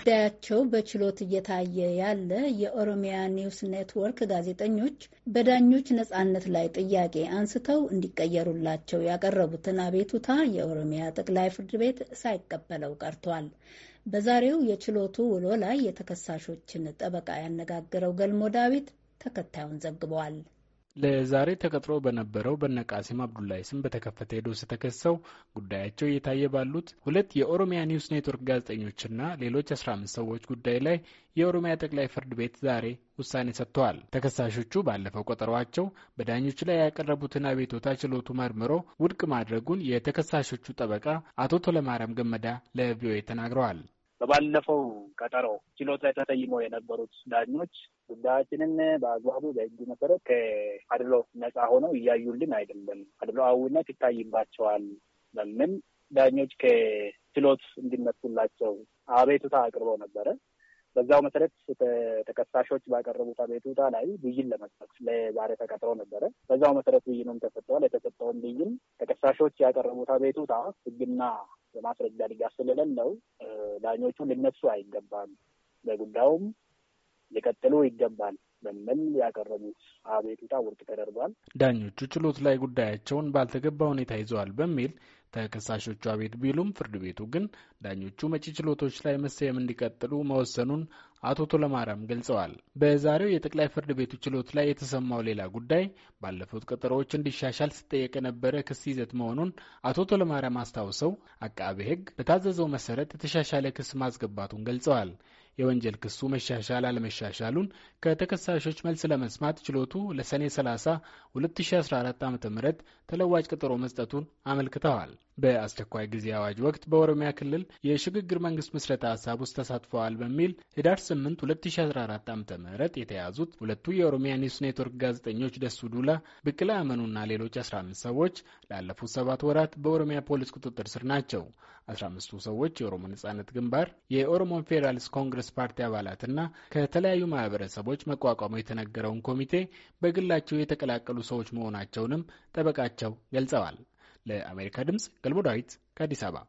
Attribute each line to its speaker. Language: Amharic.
Speaker 1: ጉዳያቸው በችሎት እየታየ ያለ የኦሮሚያ ኒውስ ኔትወርክ ጋዜጠኞች በዳኞች ነጻነት ላይ ጥያቄ አንስተው እንዲቀየሩላቸው ያቀረቡትን አቤቱታ የኦሮሚያ ጠቅላይ ፍርድ ቤት ሳይቀበለው ቀርቷል። በዛሬው የችሎቱ ውሎ ላይ የተከሳሾችን ጠበቃ ያነጋገረው ገልሞ ዳዊት ተከታዩን ዘግቧል።
Speaker 2: ለዛሬ ተቀጥሮ በነበረው በነቃሲም አብዱላይ ስም በተከፈተ ዶስ ተከሰው ጉዳያቸው እየታየ ባሉት ሁለት የኦሮሚያ ኒውስ ኔትወርክ ጋዜጠኞችና ሌሎች 15 ሰዎች ጉዳይ ላይ የኦሮሚያ ጠቅላይ ፍርድ ቤት ዛሬ ውሳኔ ሰጥተዋል። ተከሳሾቹ ባለፈው ቆጠሯቸው በዳኞች ላይ ያቀረቡትን አቤቶታ ችሎቱ መርምሮ ውድቅ ማድረጉን የተከሳሾቹ ጠበቃ አቶ ቶለማርያም ገመዳ ለቪኦኤ ተናግረዋል።
Speaker 3: በባለፈው ቀጠሮ ችሎት ላይ ተሰይመው የነበሩት ዳኞች ጉዳያችንን በአግባቡ በሕግ መሰረት ከአድሎ ነፃ ሆነው እያዩልን አይደለም፣ አዊነት ይታይባቸዋል በምን ዳኞች ከችሎት እንዲነሱላቸው አቤቱታ አቅርበው ነበረ። በዛው መሰረት ተከሳሾች ባቀረቡት አቤቱታ ላይ ብይን ለመስጠት ለዛሬ ተቀጥሮ ነበረ። በዛው መሰረት ብይኑም ተሰጥተዋል። የተሰጠውን ብይን ተከሳሾች ያቀረቡት አቤቱታ ህግና የማስረጃ ድጋፍ ስለሌለው ዳኞቹ ሊነሱ አይገባም፣ በጉዳዩም ሊቀጥሉ ይገባል በሚል ያቀረቡት አቤቱታ ውድቅ ተደርጓል።
Speaker 2: ዳኞቹ ችሎት ላይ ጉዳያቸውን ባልተገባ ሁኔታ ይዘዋል በሚል ተከሳሾቹ አቤት ቢሉም ፍርድ ቤቱ ግን ዳኞቹ መጪ ችሎቶች ላይ መሰየም እንዲቀጥሉ መወሰኑን አቶ ቶለማርያም ገልጸዋል። በዛሬው የጠቅላይ ፍርድ ቤቱ ችሎት ላይ የተሰማው ሌላ ጉዳይ ባለፉት ቀጠሮዎች እንዲሻሻል ሲጠየቅ የነበረ ክስ ይዘት መሆኑን አቶ ቶለማርያም አስታውሰው አቃቤ ሕግ በታዘዘው መሰረት የተሻሻለ ክስ ማስገባቱን ገልጸዋል። የወንጀል ክሱ መሻሻል አለመሻሻሉን ከተከሳሾች መልስ ለመስማት ችሎቱ ለሰኔ 30 2014 ዓ ም ተለዋጭ ቀጠሮ መስጠቱን አመልክተዋል። በአስቸኳይ ጊዜ አዋጅ ወቅት በኦሮሚያ ክልል የሽግግር መንግስት ምስረታ ሀሳብ ውስጥ ተሳትፈዋል በሚል ህዳር 8 2014 ዓ ም የተያዙት ሁለቱ የኦሮሚያ ኒውስ ኔትወርክ ጋዜጠኞች ደሱ ዱላ፣ ብቅላ አመኑና ሌሎች 15 ሰዎች ላለፉት ሰባት ወራት በኦሮሚያ ፖሊስ ቁጥጥር ስር ናቸው። 15ቱ ሰዎች የኦሮሞ ነጻነት ግንባር፣ የኦሮሞ ፌዴራልስ ኮንግረስ የኮሚኒስት ፓርቲ አባላትና ከተለያዩ ማህበረሰቦች መቋቋሙ የተነገረውን ኮሚቴ በግላቸው የተቀላቀሉ ሰዎች መሆናቸውንም ጠበቃቸው ገልጸዋል። ለአሜሪካ ድምፅ ገልሞ ዳዊት ከአዲስ አበባ